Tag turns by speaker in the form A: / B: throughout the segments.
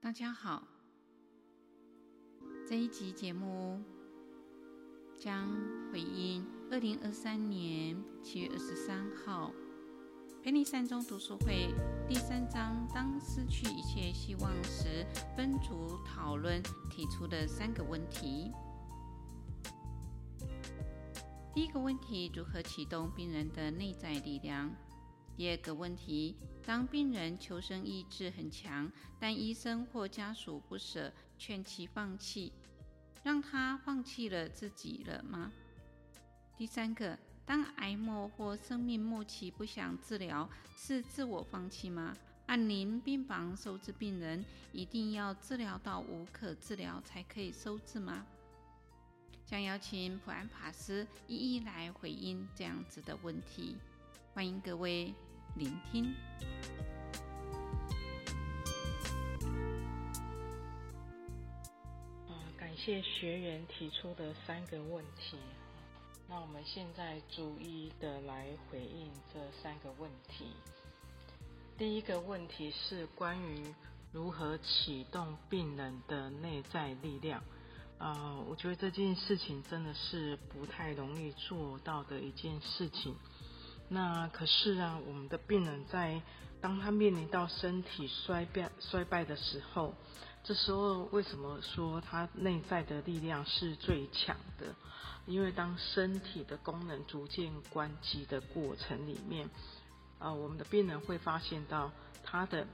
A: 大家好，這一集節目將回應二零二三年七月二十三號陪你善終讀書會第三章“當失去一切希望時”分組討論提出的三個問題。第一個問題：如何啟動病人的內在力量？第二個問題：當病人求生意志很強，但醫生或家屬不捨勸其放棄，讓他放棄了自己了嗎？第三個：當癌末或生命末期不想治療，是自我放棄嗎？安寧病房收治病人，一定要治療到無可治療才可以收治嗎？將邀請普安法師一一來回應這樣子的問題。歡迎各位。聆聽。啊、呃，感謝學員提出的
B: 三個問題。那我們現在逐一的來回應這三個問題。第一個問題是關於如何啟動病人的內在力量。啊、呃，我覺得這件事情真的是不太容易做到的一件事情。那可是啊，我們的病人在當他面臨到身體衰敗衰敗的時候，這時候為什麼說他內在的力量是最強的？因為當身體的功能逐漸關機的過程裡面，啊，我們的病人會發現到他的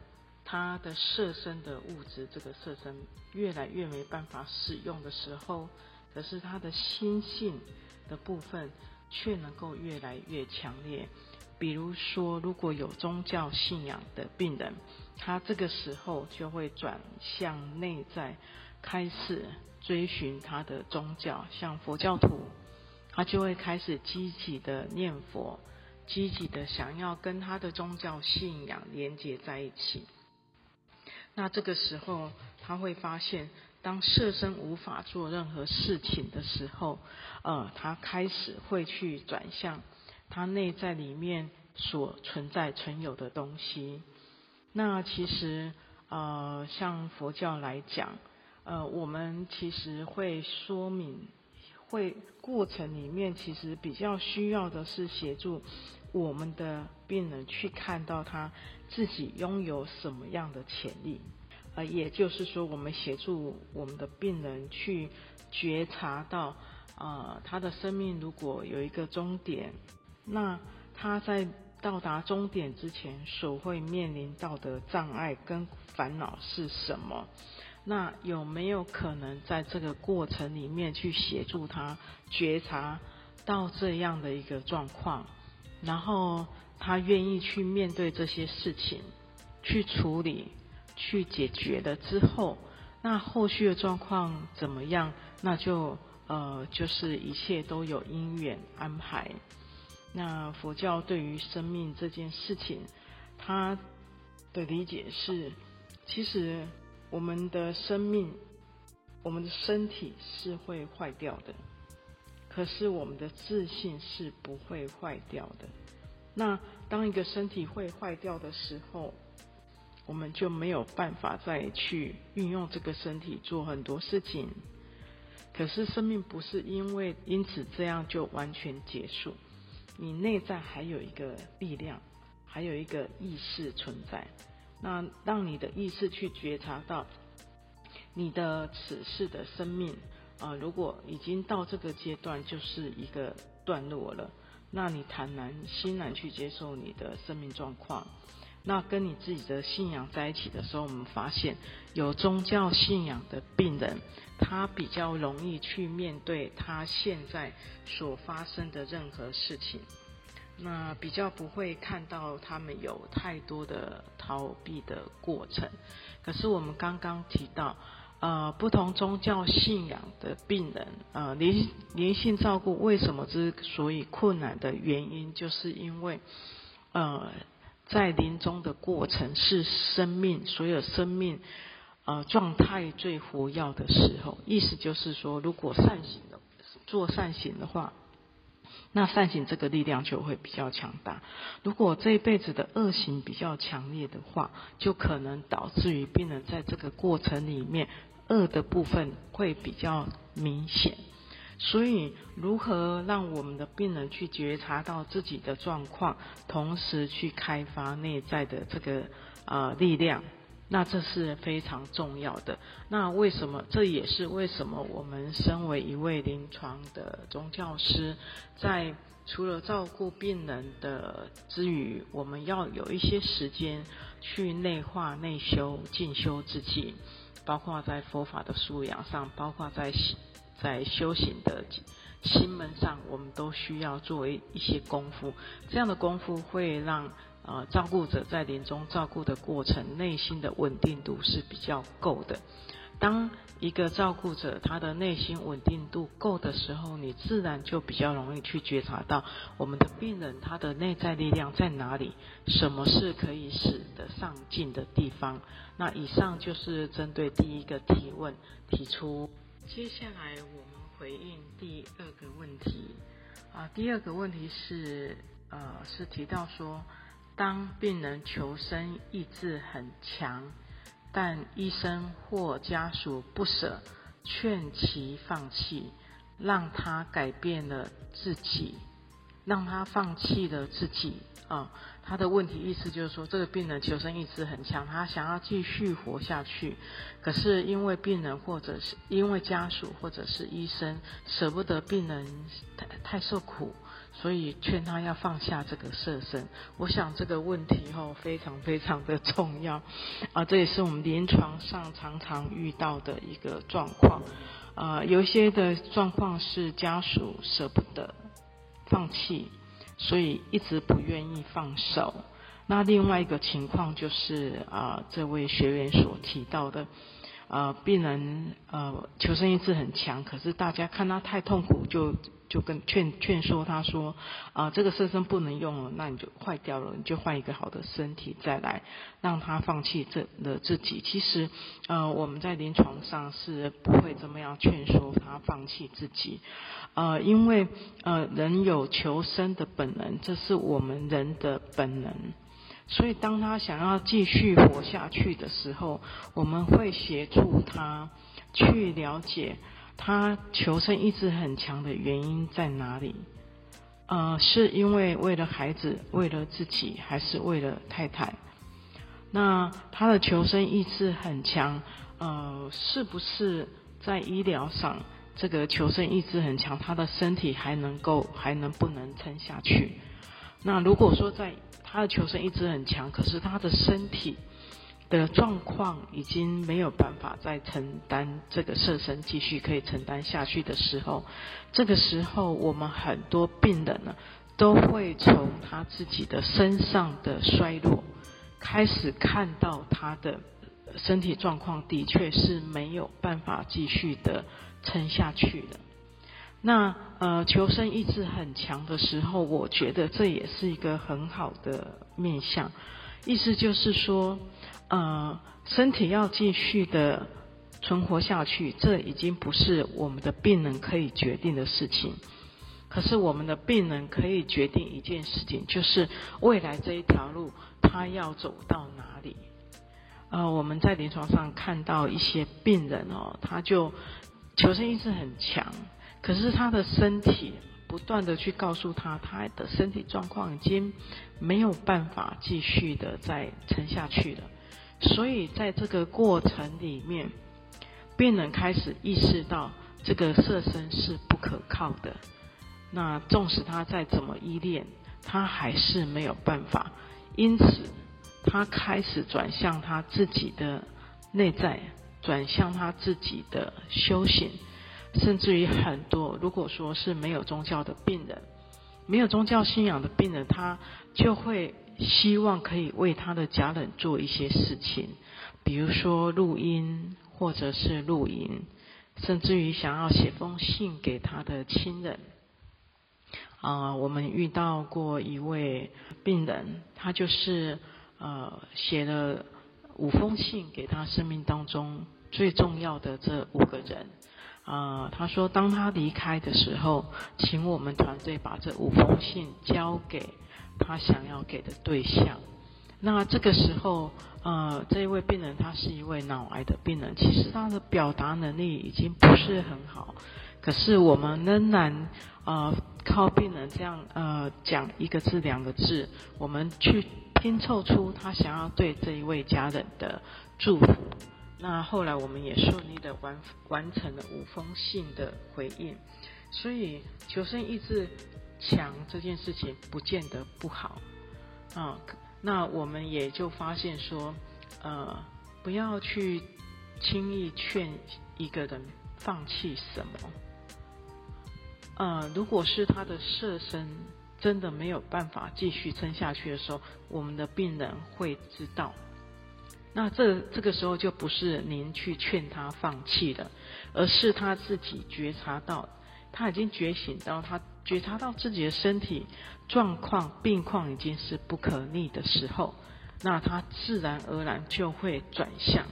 B: 他的色身的物質，這個色身越來越沒辦法使用的時候，可是他的心性的部分。卻能夠越來越強烈。比如說，如果有宗教信仰的病人，他這個時候就會轉向內在，開始追尋他的宗教。像佛教徒，他就會開始積極的念佛，積極的想要跟他的宗教信仰連接在一起。那這個時候，他會發現。當色身無法做任何事情的時候，呃，他開始會去轉向他內在裡面所存在存有的東西。那其實，呃，像佛教來講，呃，我們其實會說明，會過程裡面其實比較需要的是協助我們的病人去看到他自己擁有什麼樣的潛力。呃，也就是說，我們協助我們的病人去覺察到，呃，他的生命如果有一個終點，那他在到達終點之前，所會面臨到的障礙跟煩惱是什麼？那有沒有可能在這個過程裡面去協助他覺察到這樣的一個狀況，然後他願意去面對這些事情，去處理。去解決了之後，那後續的狀況怎麼樣？那就呃，就是一切都有因緣安排。那佛教對於生命這件事情，它的理解是：其實我們的生命，我們的身體是會壞掉的，可是我們的自信是不會壞掉的。那當一個身體會壞掉的時候，我們就沒有辦法再去運用這個身體做很多事情。可是生命不是因為因此這樣就完全結束，你內在還有一個力量，還有一個意識存在。那讓你的意識去覺察到你的此時的生命啊，如果已經到這個階段就是一個段落了，那你坦然欣然去接受你的生命狀況。那跟你自己的信仰在一起的時候，我們發現有宗教信仰的病人，他比較容易去面對他現在所發生的任何事情，那比較不會看到他們有太多的逃避的過程。可是我們剛剛提到，呃，不同宗教信仰的病人，呃，靈靈性照顧為什麼之所以困難的原因，就是因為，呃。在臨終的過程是生命所有生命呃狀態最活躍的時候，意思就是說，如果善行的做善行的話，那善行這個力量就會比較強大。如果這一輩子的惡行比較強烈的話，就可能導致於病人在這個過程裡面惡的部分會比較明顯。所以，如何讓我們的病人去覺察到自己的狀況，同時去開發內在的這個呃力量，那這是非常重要的。那為什麼？這也是為什麼我們身為一位臨床的宗教師，在除了照顧病人的之餘，我們要有一些時間去內化、內修、進修自己，包括在佛法的素養上，包括在。在修行的心門上，我們都需要做一些功夫。這樣的功夫會讓呃照顧者在臨終照顧的過程，內心的穩定度是比較夠的。當一個照顧者他的內心穩定度夠的時候，你自然就比較容易去覺察到我們的病人他的內在力量在哪裡，什麼是可以使得上進的地方。那以上就是針對第一個提問提出。接下來我們回應第二個問題，啊，第二個問題是，呃，是提到說，當病人求生意志很強，但醫生或家屬不捨勸其放棄，讓他改變了自己，讓他放棄了自己，啊。他的問題意思就是說，這個病人求生意志很強，他想要繼續活下去，可是因為病人或者是因為家屬或者是醫生捨不得病人太太受苦，所以勸他要放下這個色身。我想這個問題吼、哦、非常非常的重要啊，這也是我們臨床上常常遇到的一個狀況啊。有一些的狀況是家屬捨不得放棄。所以一直不願意放手。那另外一個情況就是啊、呃，這位學員所提到的，呃，病人呃求生意志很強，可是大家看他太痛苦就。就跟勸勸說他說啊、呃、這個色身不能用了，那你就壞掉了，你就換一個好的身體再來，讓他放棄這的自己。其實呃，我們在臨床上是不會怎麼樣勸說他放棄自己呃，因為呃，人有求生的本能，這是我們人的本能，所以當他想要繼續活下去的時候，我們會協助他去了解。他求生意志很強的原因在哪裡？呃，是因為為了孩子，為了自己，還是為了太太？那他的求生意志很強，呃，是不是在醫療上，這個求生意志很強，他的身體還能夠，還能不能撐下去？那如果說在他的求生意志很強，可是他的身體……的狀況已經沒有辦法再承擔這個設身繼續可以承擔下去的時候，這個時候我們很多病人呢，都會從他自己的身上的衰弱，開始看到他的身體狀況的確是沒有辦法繼續的撐下去的。那呃，求生意志很強的時候，我覺得這也是一個很好的面向，意思就是說。呃，身體要繼續的存活下去，這已經不是我們的病人可以決定的事情。可是我們的病人可以決定一件事情，就是未來這一條路他要走到哪裡。呃，我們在臨床上看到一些病人哦，他就求生意志很強，可是他的身體不斷的去告訴他，他的身體狀況已經沒有辦法繼續的再撐下去了。所以，在這個過程裡面，病人開始意識到這個色身是不可靠的。那縱使他再怎麼依戀，他還是沒有辦法。因此，他開始轉向他自己的內在，轉向他自己的修行。甚至於，很多如果說是沒有宗教的病人，沒有宗教信仰的病人，他就會，希望可以為他的家人做一些事情，比如說錄音，或者是錄影，甚至於想要寫封信給他的親人。啊、呃，我們遇到過一位病人，他就是呃寫了五封信給他生命當中最重要的這五個人。呃，他說，當他離開的時候，請我們團隊把這五封信交給他想要給的對象。那這個時候，呃，這一位病人他是一位腦癌的病人，其實他的表達能力已經不是很好，可是我們仍然呃靠病人這樣呃講一個字兩個字，我們去拼湊出他想要對這一位家人的祝福。那後來我們也順利的完完成了五封信的回應，所以求生意志強這件事情不見得不好，啊、嗯，那我們也就發現說，呃，不要去輕易勸一個人放棄什麼，呃、嗯，如果是他的色身真的沒有辦法繼續撐下去的時候，我們的病人會知道。那這這個時候就不是您去勸他放棄了，而是他自己覺察到，他已經覺醒到，他覺察到自己的身體狀況、病況已經是不可逆的時候，那他自然而然就會轉向。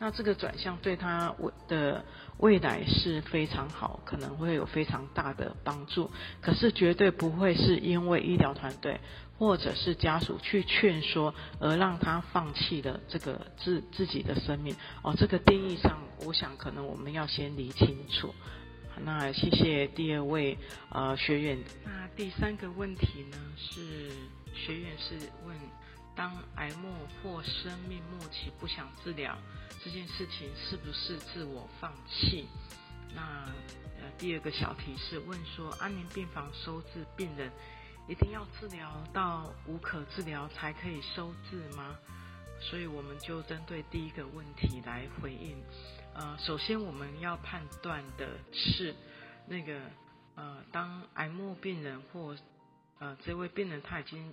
B: 那這個轉向對他我的。未來是非常好，可能會有非常大的幫助，可是絕對不會是因為醫療團隊或者是家屬去勸說而讓他放棄了這個自自己的生命哦，這個定義上，我想可能我們要先理清楚。那謝謝第二位呃學員。那第三個問題呢，是學員是問。當癌末或生命末期不想治療這件事情，是不是自我放棄？那呃，第二個小題是問說，安寧病房收治病人，一定要治療到無可治療才可以收治嗎？所以我們就針對第一個問題來回應。呃，首先我們要判斷的是，那個呃，當癌末病人或呃這位病人他已經。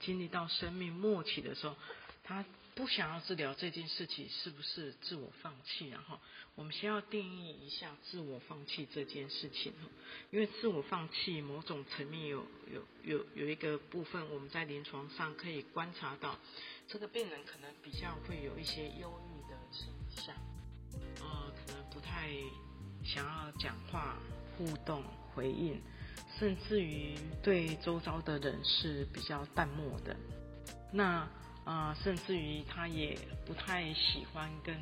B: 經歷到生命末期的時候，他不想要治療這件事情，是不是自我放棄？然後，我們先要定義一下自我放棄這件事情，因為自我放棄某種層面有有有有一個部分，我們在臨床上可以觀察到，這個病人可能比較會有一些憂鬱的傾向，呃，可能不太想要講話、互動、回應。甚至於對周遭的人是比較淡漠的，那啊、呃，甚至於他也不太喜歡跟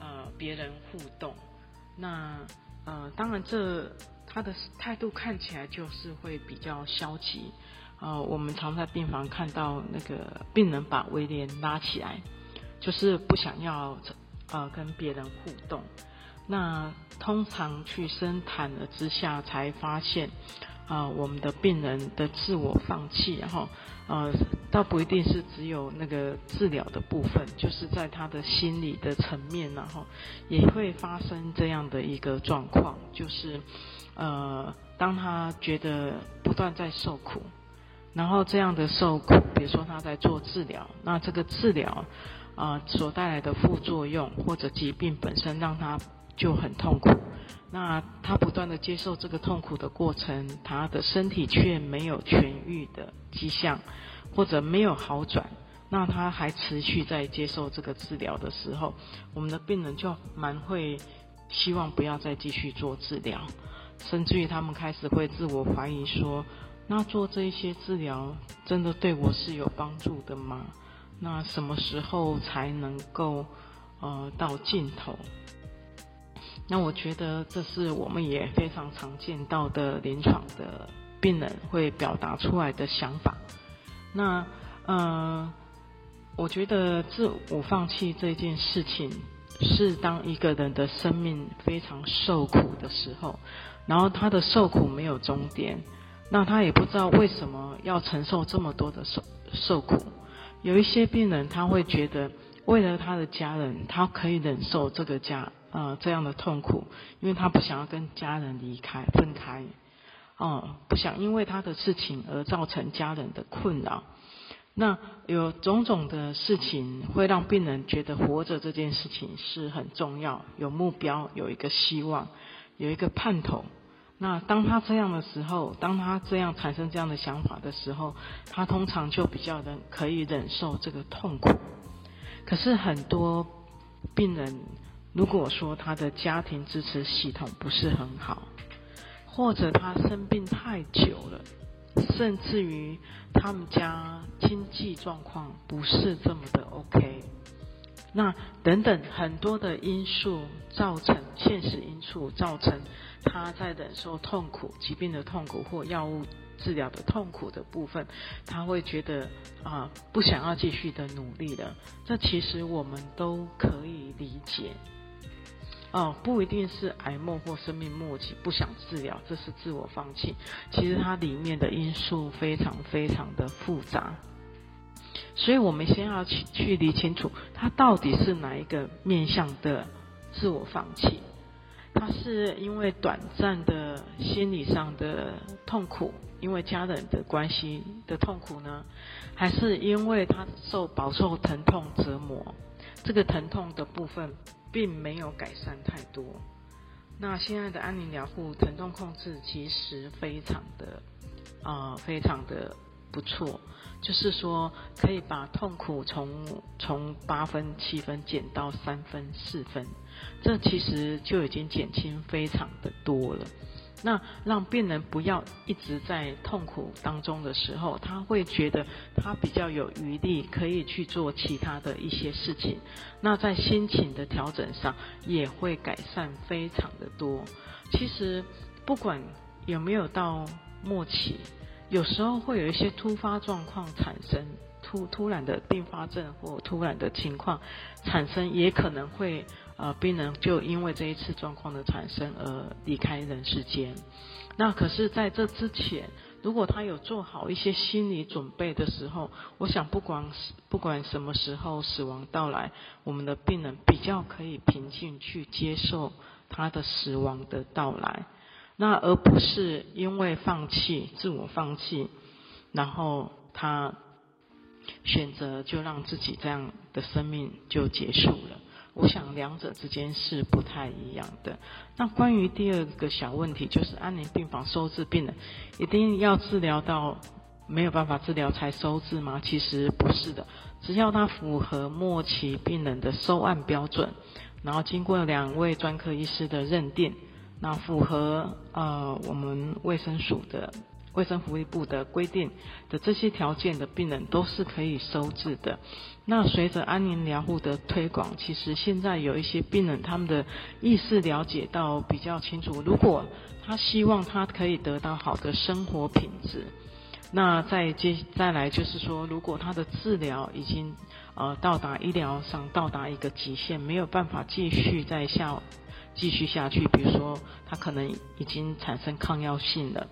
B: 呃別人互動。那呃，當然這他的態度看起來就是會比較消極。呃我們常在病房看到那個病人把圍簾拉起來，就是不想要呃跟別人互動。那通常去深談了之下，才發現啊、呃，我們的病人的自我放棄，然後呃，倒不一定是只有那個治療的部分，就是在他的心理的層面，然後也會發生這樣的一個狀況，就是呃，當他覺得不斷在受苦，然後這樣的受苦，比如說他在做治療，那這個治療啊、呃、所帶來的副作用或者疾病本身讓他。就很痛苦。那他不斷的接受這個痛苦的過程，他的身體卻沒有痊癒的跡象，或者沒有好轉。那他還持續在接受這個治療的時候，我們的病人就蠻會希望不要再繼續做治療，甚至於他們開始會自我懷疑說：那做這些治療真的對我是有幫助的嗎？那什麼時候才能夠呃到盡頭？那我覺得這是我們也非常常見到的臨床的病人會表達出來的想法。那呃，我覺得自我放棄這件事情，是當一個人的生命非常受苦的時候，然後他的受苦沒有終點，那他也不知道為什麼要承受這麼多的受受苦。有一些病人他會覺得，為了他的家人，他可以忍受這個家。呃，這樣的痛苦，因為他不想要跟家人離開分開，哦、呃，不想因為他的事情而造成家人的困擾。那有種種的事情會讓病人覺得活着這件事情是很重要，有目標，有一個希望，有一個盼頭。那當他這樣的時候，當他這樣產生這樣的想法的時候，他通常就比較的可以忍受這個痛苦。可是很多病人。如果說他的家庭支持系統不是很好，或者他生病太久了，甚至於他們家經濟狀況不是這麼的 OK，那等等很多的因素造成現實因素造成他在忍受痛苦、疾病的痛苦或藥物治療的痛苦的部分，他會覺得啊、呃、不想要繼續的努力了。這其實我們都可以理解。哦，不一定是癌末或生命末期不想治療，這是自我放棄。其實它裡面的因素非常非常的複雜，所以我們先要去去理清楚，它到底是哪一個面向的自我放棄？它是因為短暫的心理上的痛苦，因為家人的關係的痛苦呢，還是因為它受飽受疼痛折磨？這個疼痛的部分。並沒有改善太多。那現在的安寧療護疼痛控制其實非常的啊、呃，非常的不錯，就是說可以把痛苦從從八分七分減到三分四分，這其實就已經減輕非常的多了。那讓病人不要一直在痛苦當中的時候，他會覺得他比較有餘力，可以去做其他的一些事情。那在心情的調整上也會改善非常的多。其實不管有沒有到末期，有時候會有一些突發狀況產生，突突然的併發症或突然的情況產生，也可能會。呃，病人就因為這一次狀況的產生而離開人世間。那可是，在這之前，如果他有做好一些心理準備的時候，我想，不管不管什麼時候死亡到來，我們的病人比較可以平靜去接受他的死亡的到來，那而不是因為放棄、自我放棄，然後他選擇就讓自己這樣的生命就結束了。我想兩者之間是不太一樣的。那關於第二個小問題，就是安寧病房收治病人，一定要治療到沒有辦法治療才收治嗎？其實不是的，只要他符合末期病人的收案標準，然後經過兩位專科醫師的認定，那符合呃我們衛生署的衛生福利部的規定的這些條件的病人，都是可以收治的。那隨着安寧療護的推廣，其實現在有一些病人，他們的意識了解到比較清楚。如果他希望他可以得到好的生活品質，那再接再來就是說，如果他的治療已經呃到達醫療上到達一個極限，沒有辦法繼續再下繼續下去，比如說他可能已經產生抗藥性了。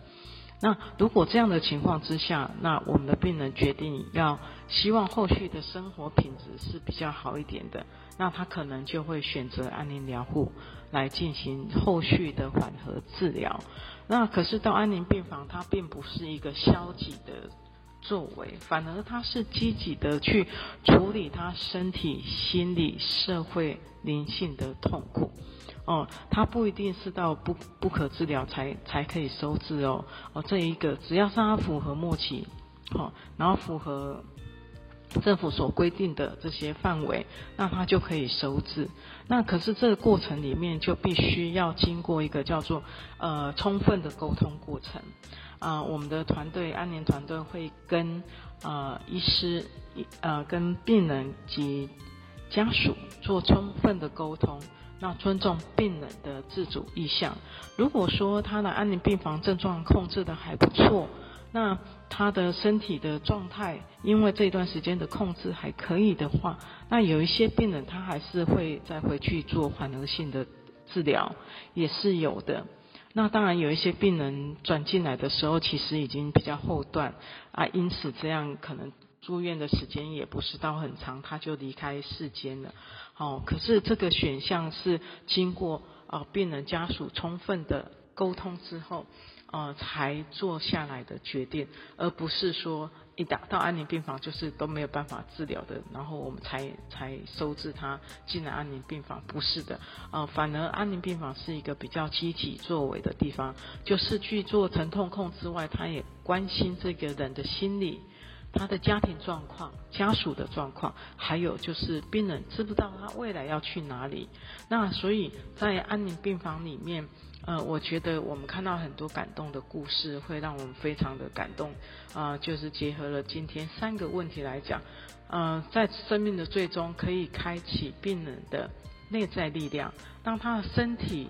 B: 那如果這樣的情況之下，那我們的病人決定要希望後續的生活品質是比較好一點的，那他可能就會選擇安寧療護來進行後續的緩和治療。那可是到安寧病房，它並不是一個消極的作為，反而它是積極的去處理他身體、心理、社會、靈性的痛苦。哦，它不一定是到不不可治療才才可以收治哦，哦，這一個只要是它符合末期，好、哦，然後符合政府所規定的這些範圍，那它就可以收治。那可是這個過程裡面就必須要經過一個叫做呃充分的溝通過程啊、呃，我們的團隊安寧團隊會跟呃醫師呃跟病人及家屬做充分的溝通。那尊重病人的自主意向。如果說他的安寧病房症狀控制得還不錯，那他的身體的狀態因為這段時間的控制還可以的話，那有一些病人他還是會再回去做緩和性的治療，也是有的。那當然有一些病人轉進來的時候其實已經比較後段啊，因此這樣可能。住院的時間也不是到很長，他就離開世間了。哦，可是這個選項是經過啊、呃、病人家屬充分的溝通之後，呃，才做下來的決定，而不是說一打到安寧病房就是都沒有辦法治療的。然後我們才才收治他進了安寧病房，不是的。啊、呃，反而安寧病房是一個比較積極作為的地方，就是去做疼痛控制之外，他也關心這個人的心理。他的家庭狀況、家屬的狀況，還有就是病人知不知道他未來要去哪裡？那所以在安寧病房裡面，呃，我覺得我們看到很多感動的故事，會讓我們非常的感動。啊、呃，就是結合了今天三個問題來講，呃，在生命的最終，可以開啟病人的內在力量，讓他的身體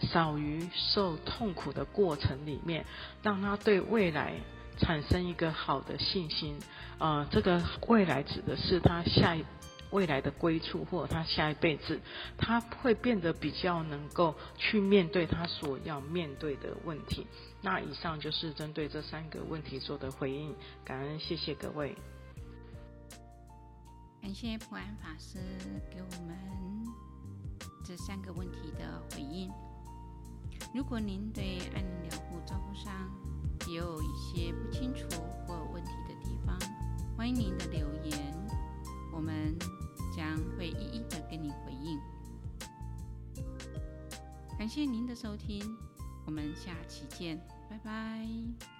B: 少於受痛苦的過程裡面，讓他對未來，產生一個好的信心，啊、呃，這個未來指的是他下一未來的歸處，或者他下一輩子，他會變得比較能夠去面對他所要面對的問題。那以上就是針對這三個問題做的回應，感恩，謝謝各位，
A: 感謝普安法師給我們這三個問題的回應。如果您對安寧療護招商，也有一些不清楚或有問題的地方，歡迎您的留言，我們將會一一的跟您回應。感謝您的收聽，我們下期見，拜拜。